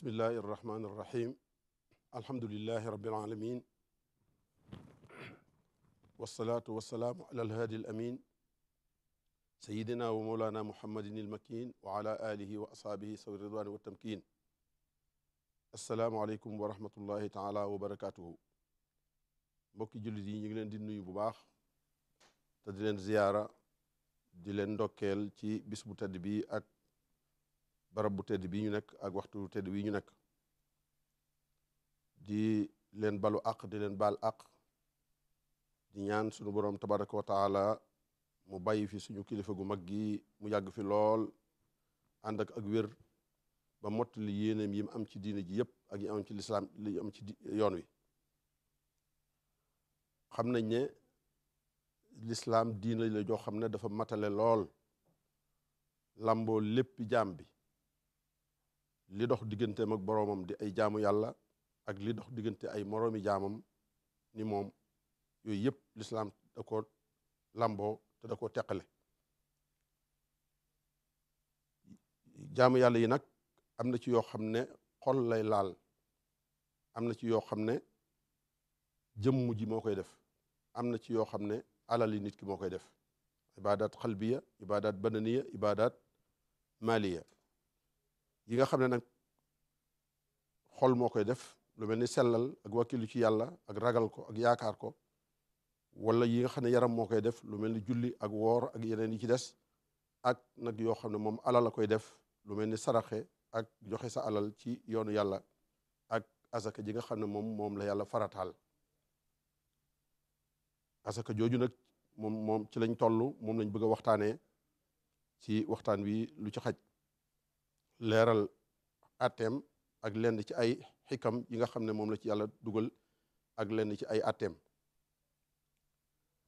bismillahi irrahmani irrahim alhamdulilahi rabilalamin walsalaatu walsalaamu ala alhaadi alamin sayidina wa moolana muhammadin ilmakin waala alihi wa ashaabihi sawi ridwaani wattamkin asalaamualeykum wa rahmatullahi taala wa barakatuhu mbokki jullit yi ñu ngi leen di nuyu bu baax te di leen ziyaara di leen ndokkeel ci bis bu tedd bi ak barab bu tedd bii ñu nekk ak waxtu tedd bii ñu nekk di leen balu àq di leen baal àq di ñaan suñu boroom tabaraka wa mu bàyyi fi suñu kilifa gu mag gi mu yàgg fi lool ànd ak ak wér ba mottali yéeneem yi mu am ci diine ji yëpp ak yi am ci lislaam li am ci yoon wi xam nañ ne lislaam diine la joo xam ne dafa matale lool lamboo léppi jaam bi li dox digganteem ak boroomam di ay jaamu yàlla ak li dox diggante ay moroomi jaamam ni moom yooyu yëpp lislaam da ko lamboo te da ko teqale jaamu yàlla yi nag am na ci yoo xam ne xol lay laal am na ci yoo xam ne jëmm ji moo koy def am na ci yoo xam ne alali nit ki moo koy def ibadat xalbiya ibadat bananiya ibadat maliya yi nga xam ne nag xol moo koy def lu mel ni sellal ak wakkilu ci yàlla ak ragal ko ak yaakaar ko wala yi nga xam ne yaram moo koy def lu mel ni julli ak woor ak yeneen yi ci des ak nag yoo xam ne moom alal la koy def lu mel ni saraxe ak joxe sa alal ci yoonu yàlla ak asaka ji nga xam ne moom moom la yàlla farataal asaka jooju nag moom moom ci lañ toll moom lañ bëgg a waxtaanee ci waxtaan wi lu ci xaj leeral atem ak lenn ci ay xikam yi nga xam ne moom la ci yàlla dugal ak lenn ci ay atem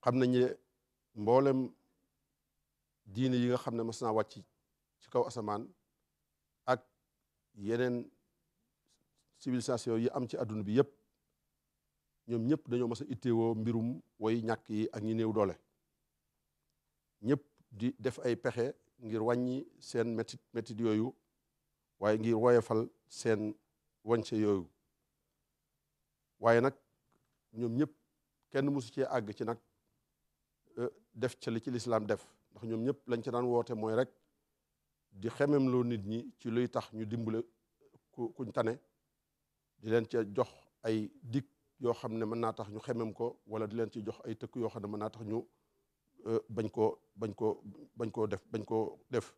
xam nañ ne mboolem diine yi nga xam ne mas naa wàcc ci kaw asamaan ak yeneen civilisation yi am ci àdduna bi yépp ñoom ñëpp dañoo mas a itteewoo mbirum way ñàkk yi ak ñi néew doole ñëpp di def ay pexe ngir wàññi seen métit métit yooyu waaye ngir woyefal seen wànce yooyu waaye nag ñoom ñëpp kenn mësu cee àgg ci nag eh, def ca li ci lislaam def ndax ñoom ñëpp lañ ci daan woote mooy rek di xemem loo nit ñi ci luy tax ñu dimbale ku kuñ tane di leen ca jox ay dikk yoo xam ne mën naa tax ñu xemem ko wala di leen ci jox ay tëkk yoo xam ne mën naa tax ñu eh, bañ koo bañ koo bañ koo def bañ koo def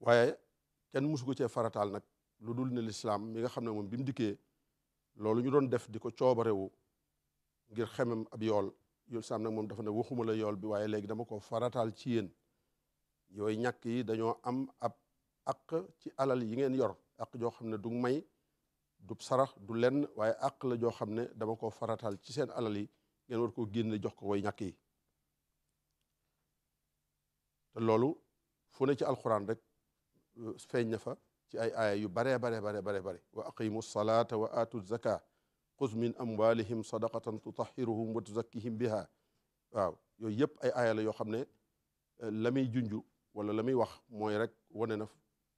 waaye kenn musu ko cee farataal nag lu dul ne lislaam mi nga xam ne moom bi mu dikkee loolu ñu doon def di ko coobarewu ngir xemem ab yool yool saam nag moom dafa ne waxuma la yool bi waaye léegi dama ko farataal ci yéen yooyu ñàkk yi dañoo am ab àq ci yi ngeen yor àq joo xam ne du may du sarax du lenn waaye àq la joo xam ne dama ko farataal ci seen alal yi ngeen war koo génne jox ko woy ñàkk yi te loolu fu ci alxuraan rek feeñ na fa ci ay aaya yu baree bare bare bare bare wa aqimu salaata wa aatu zaka xuz min amwalihim sadaqatan tutahiruhum wa tuzakkihim biha waaw yooyu yëpp ay aaya yoo xam ne eh, la muy junj wala la muy wax mooy rek wane na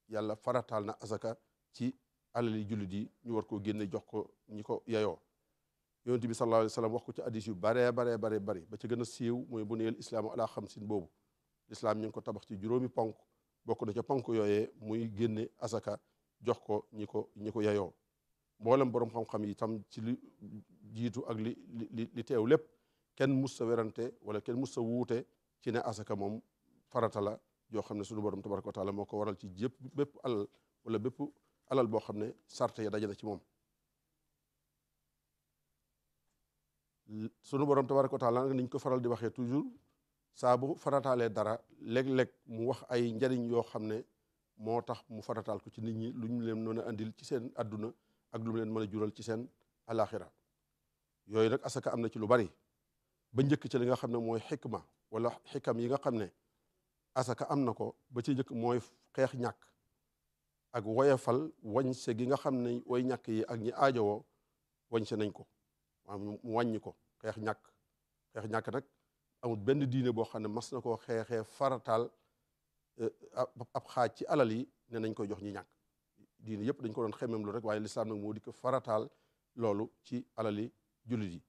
yàlla farataal na azaka ci alali jullit yi ñu war koo génne jox ko ñi ko yayoo yonent bi sallallahu alayhi wa wax ko ci addis yu baree baree bare bari ba ci gën a siiw mooy bu neel islaamu ala xamsin boobu lislaam ñu ngi ko tabax ci juróomi ponk bokk na ca ponk yooyee muy génne asaka jox ko ñi ko ñi ko yayoo mboolem borom xam-xam yi tam ci li jiitu ak li li li teew lépp kenn mus sa werante wala kenn mus sa wuute ci ne asaka moom farata la yoo xam ne sunu borom tabaraka wa taala moo ko waral ci yëpp bépp alal wala bépp alal boo xam ne sarte ya daje na ci moom sunu borom tabaraka wa taala niñ ko faral di waxee toujours saa bu farataalee dara léeg-léeg mu wax ay njariñ yoo xam ne moo tax mu farataal ko ci nit ñi lu ñu leen mën a andil ci seen adduna ak lu leen mën a jural ci seen alaxira yooyu nag asaka am na ci lu bari ba njëkk ci li nga xam ne mooy xikma wala xikam yi nga xam ne asaka am na ko ba ci njëkk mooy xeex ñàkk ak woyafal wañse gi nga xam ne way ñàkk yi ak ñi aajowoo wañse nañ ko maanaam mu wàññi ko xeex ñàkk xeex ñàkk nag amul benn diine boo xam ne mas na koo xeexee farataal euh, ab xaaj ci alal yi ne nañ koy jox ñi ñàkk diine yëpp dañ ko doon xemem lu rek waaye lislaam nag moo dikk farataal loolu ci alal yi jullit yi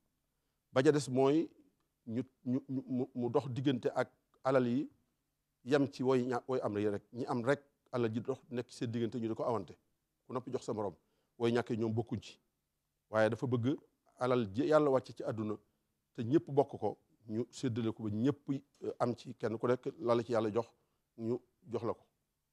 ba des mooy ñu ñu dox diggante ak alal yi yem ci woy ña woy am rek ñi am rek alal ji dox nekk seen diggante ñu di ko awante ku noppi jox sa morom woy ñàkkee ñoom bokkuñ ci waaye dafa bëgg alal ji yàlla wàcc ci àdduna te ñëpp bokk ko ñu séddale ko ba ñëpp euh, am ci kenn ku nekk la la ci yàlla jox ñu jox la ko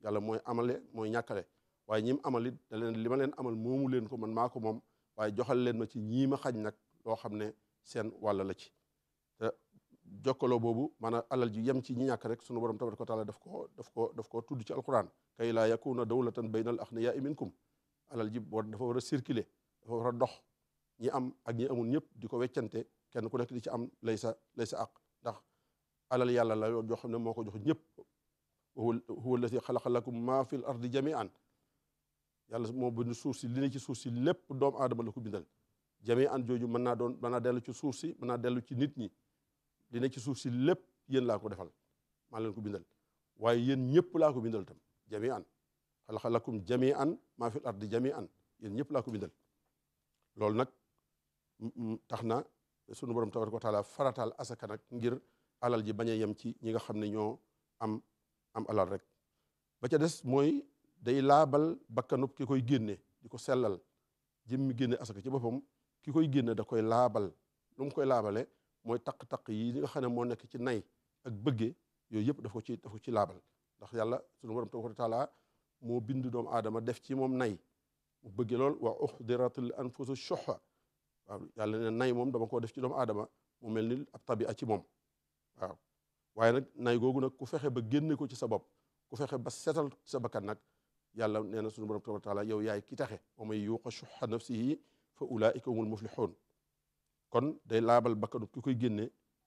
yàlla mooy amale mooy ñàkkale waaye ñi mu amal it da li ma leen amal moomu leen ko man maako moom waaye joxal leen ma ci ñii ma xañ nag loo xam ne seen wàll la ci te jokkaloo boobu maanaam alal ji ci ñi ñàkk rek sunu borom tabaraka wa taala daf ko daf ko daf ko tudd ci alquran kay laa yakuna dawlatan baynal aghniyaa'i minkum alal ji dafa war a circuler dafa war a dox ñi am ak ñi amul ñëpp di ko weccante kenn ku nekk di ci am lay sa lay sa ndax alal yàlla la yoo xam ne moo ko jox ñëpp huwa ma fi l ardi jamian yàlla moo bind suuf si li ne ci suuf si lépp doomu aadama la ko bindal an jooju mën naa doon mën naa dellu ci suuf si mën naa dellu ci nit ñi li ne ci suuf si lépp yéen laa ko defal maa leen ko bindal waaye yéen ñëpp laa ko bindal tam jamian an lakum jamian maa fi l ardi an yéen ñëpp laa ko bindal loolu nag tax na sunu borom tabaraka wa taala farataal asaka nag ngir alal ji bañ a yem ci ñi nga xam ne ñoo am am alal rek ba ca des mooy day laabal bakkanub ki koy génne di ko sellal jëmmi génne asaka ci boppam ki koy génne da koy laabal lu koy laabale mooy taq-taq yi nga xam ne moo nekk ci nay ak bëgge yooyu yëpp daf ko ci daf ci laabal ndax yàlla sunu borom tabaraka wa taala moo bindu doomu adama def ci moom nay mu bëgge lool wa uxdiratil anfusu shuhha waaw yàlla ne nay moom dama ko def ci doomu aadama mu mel ni ab tabia ci moom waaw waaye nag nay googu nag ku fexe ba génne ko ci sa bopp ku fexe ba setal sa bakkan nag yàlla nee na sunu borom tabaaraka taala yow yaay ki taxe wa man yuuqa shuhha nafsihi fa ulaa'ika humul muflihuun kon day laabal bakkanu ki koy génne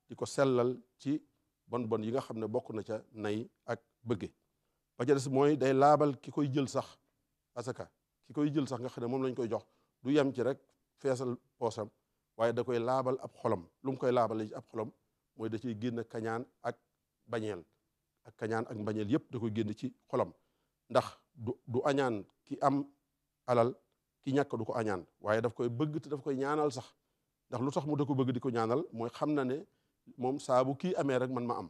di ko sellal ci bon bon yi nga xam ne bokk na ca nay ak bëgge ba ca mooy day laabal ki koy jël sax asaka ki koy jël sax nga xam ne moom lañ koy jox du yem ci rek feesal poosam waaye da koy laabal ab xolam lu mu koy laabale ci ab xolom mooy da ciy génn kañaan ak bañeel ak kañaan ak bañeel yépp da koy génn ci xolom ndax du du añaan ki am alal ki ñàkk du ko añaan waaye daf koy bëgg te daf koy ñaanal sax ndax lu sax mu da ko bëgg di ko ñaanal mooy xam na ne moom saa bu kii amee rek man ma am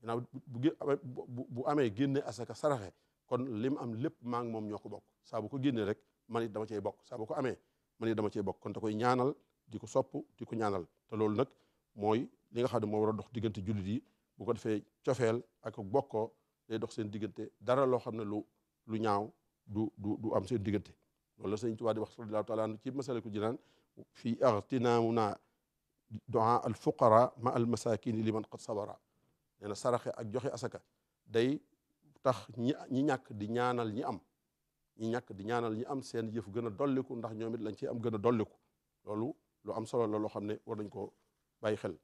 ginnaaw bu bu amee génne asaka saraxe kon li mu am lépp maa moom ñoo ko bokk saa bu ko génnee rek man it dama cey bokk saa bu ko amee man ne dama cee bokk kon da koy ñaanal di ko sopp di ko ñaanal te loolu nag mooy li nga xam ne moo war a dox diggante jullit yi bu ko defee cofeel ak bokkoo day dox seen diggante dara loo xam ne lu lu ñaaw du du du am seen diggante loolu la sëñ Tuubaa di wax radiyallaahu taala anhu ci Masaalikul Jinaan fii agtinaamunaa duaa al fuqara ma al masakini liman qad sabara nee na saraxe ak joxe asaka day tax ñi ñi ñàkk di ñaanal ñi am ñi ñàkk di ñaanal ñi am seen yëf gën a dolliku ndax ñoomit lañ ci am gën a dolliku loolu lu am solo la loo xam ne war nañ ko bàyyi xel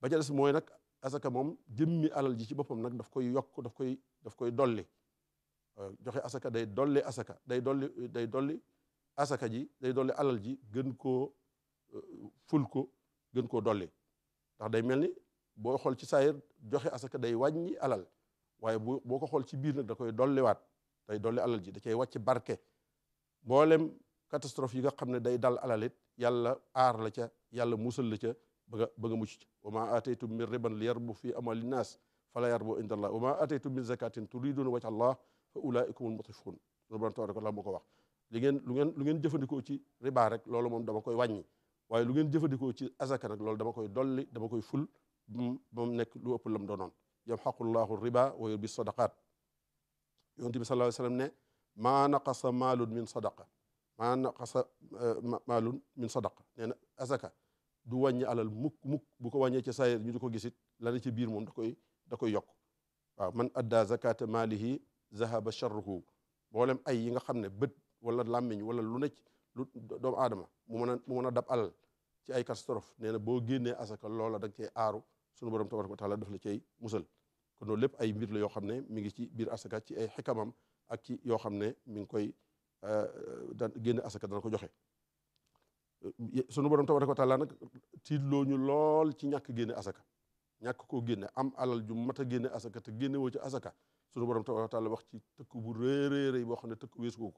ba ca des mooy nag asaka moom jëmmi alal ji ci boppam nag daf koy yokk daf koy daf koy dolli euh, joxe asaka day dolli asaka day dolli day dolli asaka ji day dolli alal ji gën koo euh, ful ko gën koo dolli ndax day mel ni boo xool ci saayir joxe asaka day wàññi alal waaye boo ko xool ci biir nag da koy dolliwaat day dolli alal ji da cay wàcc barke mboolem catastrophe yi nga xam ne day dal alal it yàlla aar la ca yàlla musal la ca ba nga ba nga mucc ca wa maa ataytum min riban yarbu fi amali naas fala yarbu inda allah wa maa ataytum min zakatin turiduna wajha allah fa ulaikum almutifun loolu borom tabaraka allah moo ko wax li ngeen lu ngeen lu ngeen jëfandikoo ci riba rek loolu moom dama koy wàññi waaye lu ngeen jëfandikoo ci azaka rek loolu dama koy dolli dama koy ful ba mu nekk lu ëpp lam doonoon yamxaqu llahu riba wa yurbi sadaqat yonent bi sallallahu alayhi wa ne maa naqasa maalun min sadaqa maa naqasa eh, maalun min sadaqa nee na asaka du wàññi alal mukk mukk bu ko wàññee ci saayir ñu di ko gisit lana ci biir moom da koy da koy yokk waaw man adda zakata maalihi zahaba charruhu mboolem ay yi nga xam ne bët wala làmmiñ wala lu nekk lu doomu aadama mu mën a mu mën a dab alal ci ay catastrophe nee na boo génnee asaka loola da nga aaru sunu borom tabaraka wa taala daf la cay musal kon loolu lépp ay mbir la yoo xam ne mi ngi ci biir asaka ci ay xikamam ak ci yoo xam ne mi ngi koy euh, da génn asaka dana ko joxe euh, sunu borom tabaraka wa taala nag tiitloo ñu lool ci ñàkk génne asaka ñàkk koo génne am alal ju mat a génne asaka te génne woo ci asaka sunu borom tabaraka wa taala wax ci tëkk bu réeréeréy boo xam ne tëkk weesu ko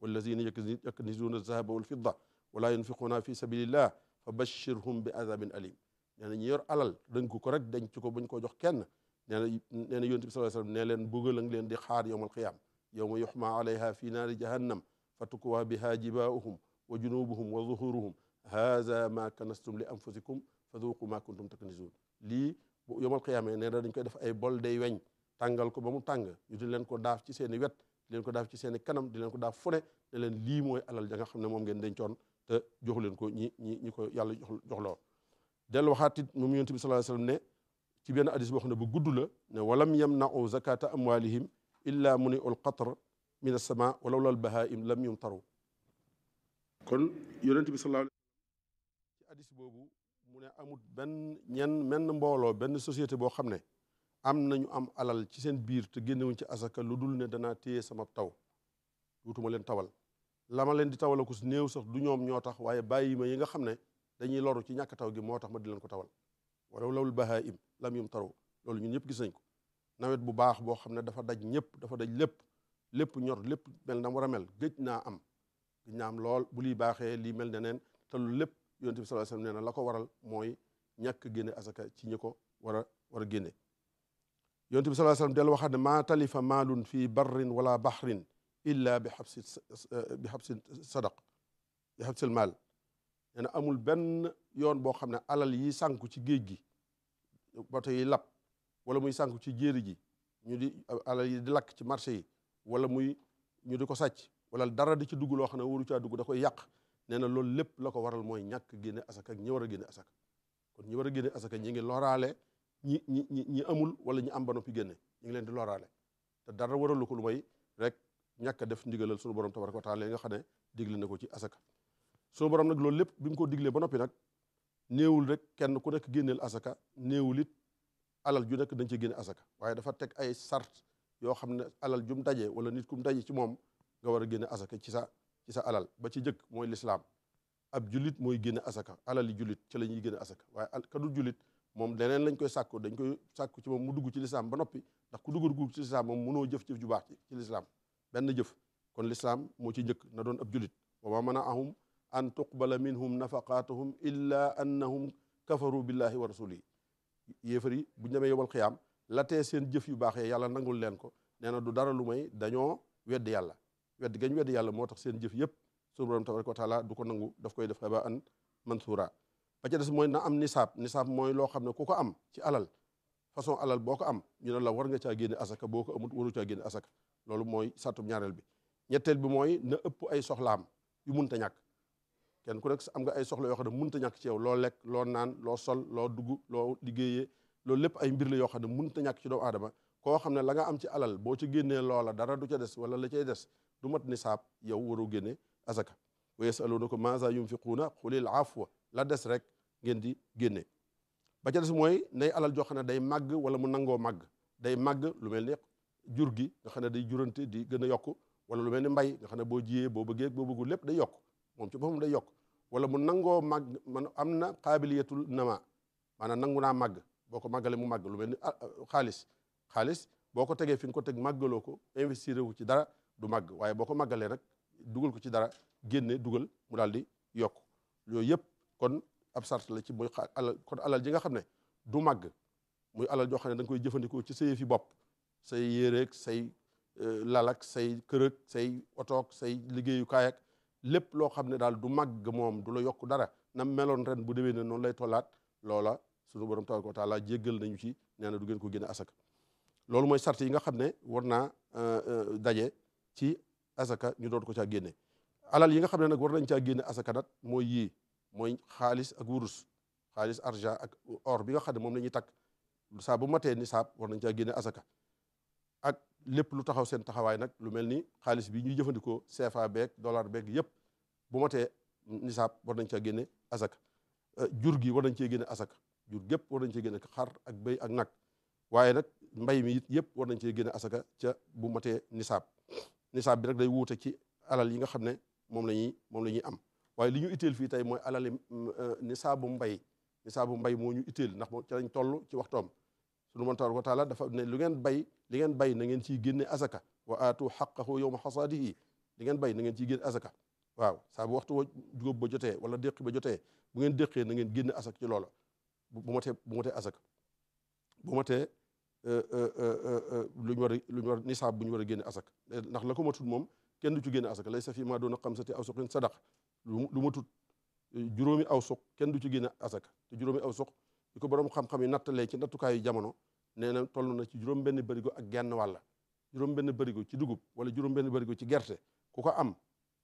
wallazina yaknizuuna zahaba wal fidda wala yunfiquuna fi sabilillah fa bashirhum bi azabin alim nee na ñu yor alal dënk ko rek denc ko bañ koo jox kenn nee na nee na yonent bi sallallahu alayhi wasallam nee leen bëggal a ngi leen di xaar yawmal qiyaam yawma yuhma alayha fi naari jahannam fatukwaa biha jibaauhum wa junubuhum wa zuhuruhum haza ma kanastum li anfusikum fa duqu ma kuntum taknizuun lii yawmal qiyaama nee na dañ koy def ay bol day weñ tàngal ko ba mu tàng ñu di leen ko daaf ci seen i wet di leen ko daaf ci seen kanam di leen ko daaf fu ne ne leen lii mooy alal ja nga xam ne moom ngeen dencoon te joxu leen ko ñi ñi ñi ko yàlla jox joxloo dellu waxaat it ne ci benn hadis boo xam ne ba gudd la ne walam yamnau zakata amwalihim illa muni ul qatr min alsama walaw lal bahaim lam yumtaru kon yonent bi ci hadis boobu mu ne amut benn ñenn menn mbooloo benn société boo xam ne am nañu am alal ci seen biir te génnewuñ ci asaka lu dul ne danaa téye sama taw duutuma leen tawal la ma leen di tawala ko su néew sax du ñoom ñoo tax waaye bàyyi ma yi nga xam ne dañuy loru ci ñàkk taw gi moo tax ma di leen ko tawal lam yum taru loolu ñun ñëpp gis nañ ko nawet bu baax boo xam ne dafa daj ñëpp dafa daj lépp lépp ñor lépp mel na war a mel géej naa am gëj naa am lool bu liy baaxee lii mel ne neen te lu lépp yonent bi sallallahu na la ko waral mooy ñàkk génne asaka ci ñi ko war a war a génne yonent bi sallallahu alayhi wasallam ne maa talifa maalun fii barrin wala baxrin illa bi xabsi bi xabsi sadaq bi xabsil maal nee amul benn yoon boo xam ne alal yi sànku ci géej gi bato yi lab wala muy sànku ci jéeri ji ñu di alal yi di lakk ci marché yi wala muy ñu di ko sàcc wala dara di ci dugg loo xam ne waru caa dugg da koy yàq nee na loolu lépp la ko waral mooy ñàkk génne asaka ak ñi war a génne asaka kon ñi war a génne asaka ñi ngi loraale ñi ñi ñi ñi amul wala ñi am ba noppi génne ñi ngi leen di loraale te dara waralu ko lu may rek ñàkk a def ndigalal sunu borom tabaraka wa taala nga xam ne digle na ko ci asaka sunu borom nag loolu lépp bi mu ko diglee ba noppi nag néewul rek kenn ku nekk génneel asaka néewul it alal ju nekk dañ ci génne asaka waaye dafa teg ay sart yoo xam ne alal jum daje wala nit kum daje ci moom nga war a génne asaka ci sa ci sa alal ba ci jëkk mooy lislaam ab jullit mooy génne asaka alal yi ci la ñuy génne asaka waaye ka du jullit moom leneen lañ koy sàkku dañ koy sàkku ci moom mu dugg ci lislaam ba noppi ndax ku dugg ci lislaam moom mënoo jëf-jëf ju baax ci lislaam benn jëf kon lislaam moo ci njëkk na doon ab jullit wa ma mën a ahum an tuqbala minhum nafaqatuhum illa annahum kafaru billahi wa rasulihi yéefar yi bu ñu demee yowal xiyaam late seen jëf yu baaxee yàlla nangul leen ko nee na du dara lu may dañoo wedd yàlla wedd gañ wedd yàlla moo tax seen jëf yëpp suñu borom tabaraka wa taala du ko nangu daf koy def xaba an mansura ba ca des mooy na am nisaab nisaab mooy loo xam ne ku ko am ci alal façon alal boo ko am ñu ne la war nga caa génne asaka boo ko amut waru caa génne asaka loolu mooy sàttum ñaareel bi ñetteel bi mooy na ëpp ay soxlaam yu munta kenn ku nekk am nga ay soxla yoo xam ne mun a ñàkk ci yow loo lekk loo naan loo sol loo dugg loo liggéeyee loolu lépp ay mbir la yoo xam ne mënut a ñàkk ci doomu aadama koo xam ne la nga am ci alal boo ci génnee loola dara du ca des wala la cay des du mat ni nisaab yow waroo génne azaka wa yasaluunaka maaza yunfiquuna xulil afwa la des rek ngeen di génne ba ca des mooy nay alal joo xam ne day màgg wala mu nangoo màgg day màgg lu mel ni jur gi nga xam ne day jurante di gën a yokk wala lu mel ni mbay nga xam ne boo jiyee boo bëggee lépp day yokk moom ci boppam day yokk wala mun nangoo màgg man am na qaabiliyatul nama maanaam nangu naa màgg boo ko màggale mu màgg lu mel ni ah, ah, xaalis xaalis boo ko tegee fi nga ko teg màggaloo ko investir wu ci dara du màgg waaye boo ko màggalee nag dugal ko ci dara génne dugal mu daal di yokk yooyu yëpp kon ab sart la ci muy alal kon alal nga xam ne du màgg muy alal joo ne da koy jëfandikoo ci sa fi bopp say yéreeg say euh, lalak say kërëg say otoog say liggéeyukaay ak lépp loo xam ne daal du mag moom du la yokk dara na meloon ren bu déwénee noonu lay tollaat loola suñu borom tabaraka wa taala jéggal nañu ci nee na du ngeen ko génne asaka loolu mooy sart yi nga xam ne war naa euh, euh, daje ci asaka ñu doon ko caa génne alal yinga nga xam ne nag war nañ caa génne asaka nag mooy yii mooy xaalis ak wurus xaalis argent ak or bi nga xam ne moom la ñuy takk saa bu matee war nañ caa génne asaka lépp lu taxaw seen taxawaay nag lu mel ni xaalis bi ñuy jëfandikoo CFA beeg dollar beeg yëpp bu motee nisaab war nañ caa génne asaka euh, jur gi war nañ cee génne asaka jur gépp war nañ cee génne xar ak béy ak nag waaye nag mbay mi it yëpp war nañ cee génne asaka ca bu motee nisaab nisaab bi nag day wuute ci alal yi nga xam ne moom la ñuy moom la ñuy am waaye li ñu itteel fii tey mooy alali euh, nisaabu mbay nisaabu mbay moo ñu itteel ndax moom ca lañ toll ci waxtoom sunu moom tabaraka wa taala dafa ne lu ngeen bay li ngeen bay na ngeen ciy génne asaka wa aatu ma yowma xasaadihi li ngeen bay na ngeen ciy génne asaka waaw saa bu waxtu góob ba jotee wala déq ba jotee bu ngeen déqee na ngeen génne asaka ci loola bu matee bu matee asaka bu matee euh, euh, euh, lu ñu war a lu ñu war a nisaab bu ñu war a génne asaka ndax la ko matut moom kenn du ci génne asaka laysa fi ma doona xamsati awsuqin sadaq lu matut juróomi awsuq kenn du ci génne asaka te juróomi awsuq bi ko borom xam-xam yi nattalee ci nattukaayu jamono nee na toll na ci juróom-benn bërigo ak genn wàlla juróom-benn bërigo ci dugub wala juróom-benn bërigo ci gerte ku ko am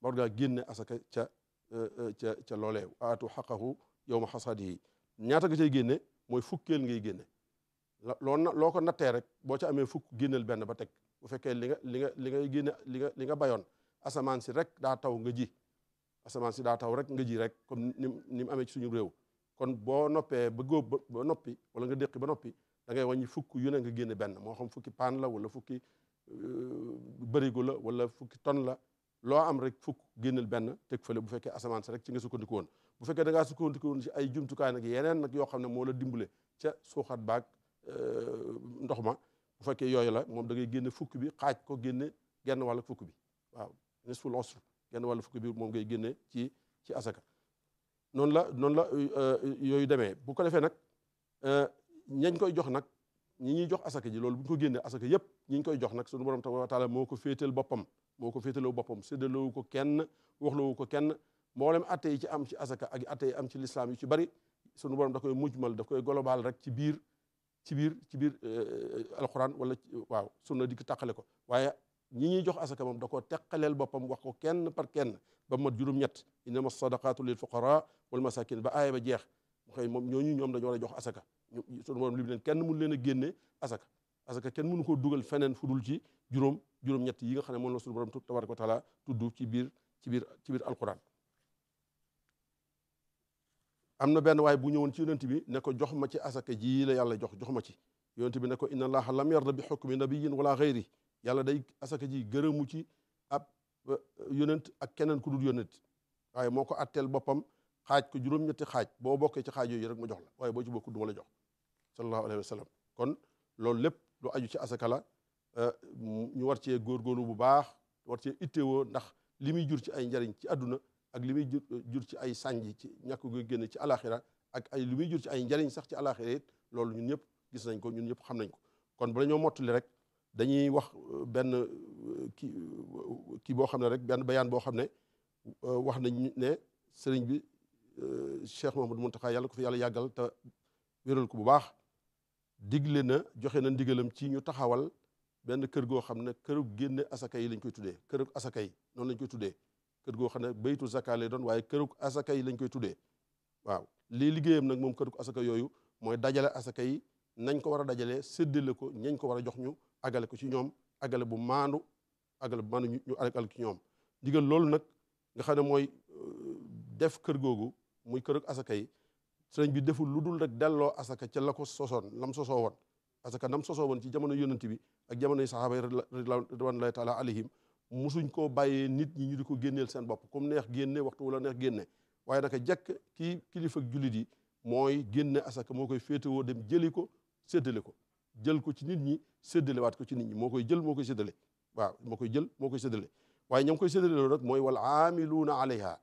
war ngaa génne asaka ca euh, euh, ca ca loolee aatu xaqahu yow ma yi ñaata nga cay génne mooy fukkeel ngay génne loo na loo ko nattee rek boo ca amee fukk génneel benn ba teg bu fekkee li nga li nga li ngay génne li nga li bayoon asamaan si rek daa taw nga ji asamaan si daa taw rek nga ji rek comme ni mu amee suñu réew kon boo noppee ba góob ba noppi wala nga déqi ba noppi da ngay wàññi fukk yu ne nga génne benn moo xam fukki paan la wala fukki euh, bërigo la wala fukki ton la loo am rek fukk génneel benn teg fële bu fekkee asamaan si rek ci nga sukkandiku bu fekkee da ngaa sukkandiku woon ci ay jumtukaay nag yeneen nag yoo xam ne moo la dimbale ca suuxat baag euh, ndox ma bu fekkee yooyu la moom da ngay génne fukk bi xaaj ko génne genn wàll fukk bi waaw nisful usr genn wàll moom ngay génne ci ci asaka noonu la noonu la euh, euh, yooyu demee bu ko defee nag euh, ñañ koy jox nag ñi ñuy jox asaka ji loolu bu ñu génnee asaka yëpp ñi ñu koy jox nag sunu borom tabaaraka wa moo ko féetal boppam moo ko féetaloo boppam séddaloo ko kenn waxloo ko kenn mboolem atte yi ci am ci asaka ak atte am ci lislaam yu ci bari sunu borom da koy mujmal da koy global rek ci biir ci biir ci biir alquran wala waaw sunna dikk tàqale ko waaye ñi ñuy jox asaka moom da koo teqaleel boppam wax ko kenn par kenn ba juróom-ñett innama sadaqatu lil fuqara wal masakin ba aaya ba jeex koy moom ñooñu ñoom dañu war a jox asaka ñu sunu borom lim leen kenn mun leen génne asaka asaka kenn mun koo dugal feneen fudul ci juróom juróom-ñett yi nga xam ne moom la sunu borom tabaraka wa taala tudd ci biir ci biir ci biir alquran am na benn waaye bu ñëwoon ci yonent bi nekko jox ma ci asaka jii la yàlla jox jox ma ci yonent bi ne ko inna allaha lam yarda bi xukmi nabiyin wala yàlla day asaka ji gërëmu ci ab e, yonent ak keneen ku dul yonent waaye moo ko atteel boppam xaaj ko juróom-ñetti xaaj boo bokkee ci xaaj yooyu rek ma jox la waaye boo ci bokkul du la jox sallallahu alayhi wa kon loolu lépp lu aju ci asaka la e, ñu war cee góorgóorlu bu baax war cee ittewoo ndax li muy jur ci ay njariñ ci àdduna ak li muy jur e, ci ay sànji ci ñàkk go génn ci alaxira ak ay li muy jur ci ay njariñ sax ci alaxira it loolu ñun ñëpp gis nañ ko ñun ñëpp xam nañ ko kon bala ñoo mottali rek dañuy wax euh, benn euh, kii euh, kii boo xam ne rek benn bayaan boo xam ne wax nañ ne sëriñ bi Cheikh Mouhamadou Mountakha yàlla ko fi yàlla yàggal ta wéral ko bu baax digle na joxe na ndigalam ci ñu taxawal benn kër goo xam ne këru génne asaka yi lañ koy tuddee këru asaka yi noonu lañ koy tuddee kër goo xam ne baytu zaka doon waaye këru asaka yi lañ koy tuddee waaw li liggéeyam nag moom kër këru asaka yooyu mooy dajale asaka yi nañ ko war a dajalee séddale ko ñañ ko war a jox ñu agale ko ci ñoom agale bu maandu agale bu maandu ñu agale ci ñoom ndigal loolu nag nga xam ne mooy euh, def kër googu muy kër asaka yi sëriñ bi deful lu dul rek delloo asaka ca la ko sosoon lam sosoo woon asaka nam sosoo woon ci jamono yonent bi ak jamono yi saxaaba yi ridwanullahi taala alayhim musuñ koo bàyyee nit ñi ñu di ko génneel seen bopp comme neex génne waxtu wala neex génne waaye naka jekk kii kilifa ak jullit yi mooy génne asaka moo koy féetewoo dem jëli ko séddale ko jël ko ci nit ñi séddalewaat ko ci nit ñi moo koy jël moo koy séddale waaw moo koy jël moo koy waaye ña ngi koy séddale loolu rek mooy wal aamiluuna alayha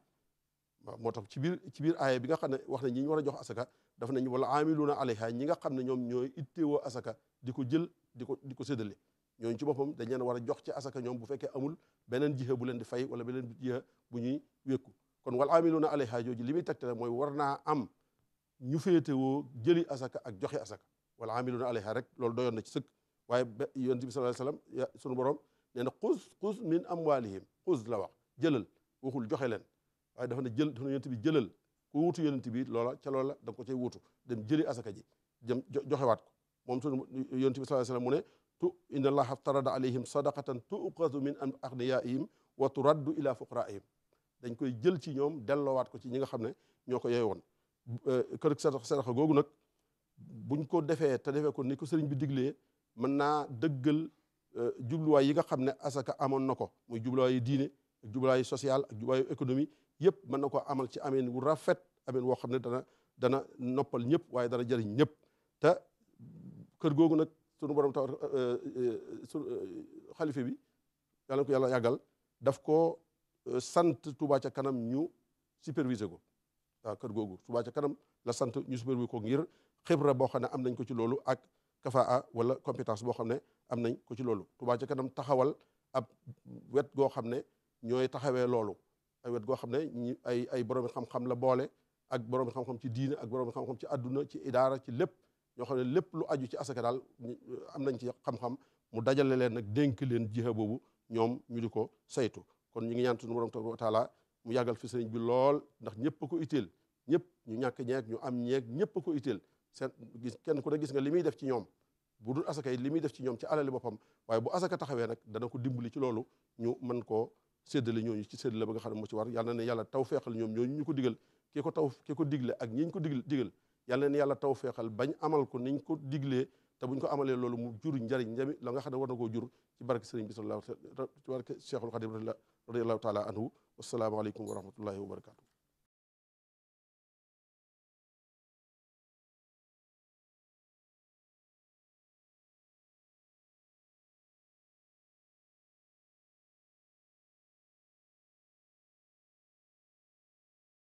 waaw moo tax ci biir ci biir aaya bi nga xam ne wax na ñi ñu war a jox asaka dafa nañ wal aamiluuna alayha ñi nga xam ne ñoom ñooy itteewoo asaka di ko jël di ko di ko séddale ñooñu ci boppam dañ leen war a jox ci asaka ñoom bu fekkee amul beneen jiha bu leen di fay wala beneen jiha bu ñuy wékku kon wal aamiluuna alayha jooju li muy tegtale mooy war naa am ñu féetewoo jëli asaka ak joxe asaka wala amiluna alayha rek loolu doyoon na ci sëkk waaye yonent bi sallallahu alayhi wasallam sunu borom nee na xuz xuz min amwalihim xuz la wax waxul joxe leen waaye dafa ne jël dafa ne yonent bi jëlal ku wuutu yonent bi loola ca loola da nga ko cay wuutu dem jëli asaka ji dem joxewaat ko moom sunu yonent bi sallallahu alayhi wasallam mu ne tu inna allaha ftarada alayhim sadaqatan tuqadu min aghniyaihim wa turaddu ila fuqaraihim dañ koy jël ci ñoom delloowaat ko ci ñi nga xam ne ñoo ko yeewoon eh, kër sadaqa googu nag buñ ko defee te defee ko ni ko sëriñ bi diglee mën naa dëggal euh, jubluwaay yi nga xam ne asaka amoon na ko muy jubluwaayu diine ak jubluwaayu social ak jubluwaayu économie yëpp mën na ko amal ci ameen wu rafet ameen woo xam ne dana dana noppal ñëpp waaye dana jëriñ ñëpp te kër googu nag sunu borom taw euh, euh, xalife bi yàlla ko yàlla yàggal daf ko sant Touba ca kanam ñu superviser ko waaw kër googu Touba ca kanam la sant ñu superviser ko ngir xibra boo xam ne am nañ ko ci loolu ak kafaa wala compétence boo xam ne am nañ ko ci loolu Touba ca kanam taxawal ab wet goo xam ne ñooy taxawee loolu ay wet goo xam ne ñi ay ay borom xam la boole ak borom xam-xam ci diine ak borom xam-xam ci àdduna ci idaara ci lépp ñoo xam ne lépp lu aju ci asaka daal am nañ ci xam-xam mu dajale leen nag dénk leen jiha boobu ñoom ñu di ko saytu kon ñu ngi ñaan suñu borom tabaaraka wa taala mu yàggal fi sëriñ bi lool ndax ñëpp ko itteel ñëpp ñu ñàkk ñeeg ñu am ñeeg ñëpp ko itteel seen gis kenn ku ne gis nga li muy def ci ñoom bu dul asaka yi li muy def ci ñoom ci alali boppam waaye bu asaka taxawee nag dana ko dimbali ci loolu ñu mën koo séddale ñooñu ci séddale ba nga xam ne moo ci war yàlla na ne yàlla taw feexal ñoom ñooñu ñu ko digal ki ko taw ki ko digle ak ñi ñu ko digal digal yàlla na ne yàlla taw feexal bañ amal ko niñ ko diglee te buñ ko amalee loolu mu jur njariñ njami la nga xam ne war na koo jur ci barke sëriñ bi sallallahu ci barke cheikhul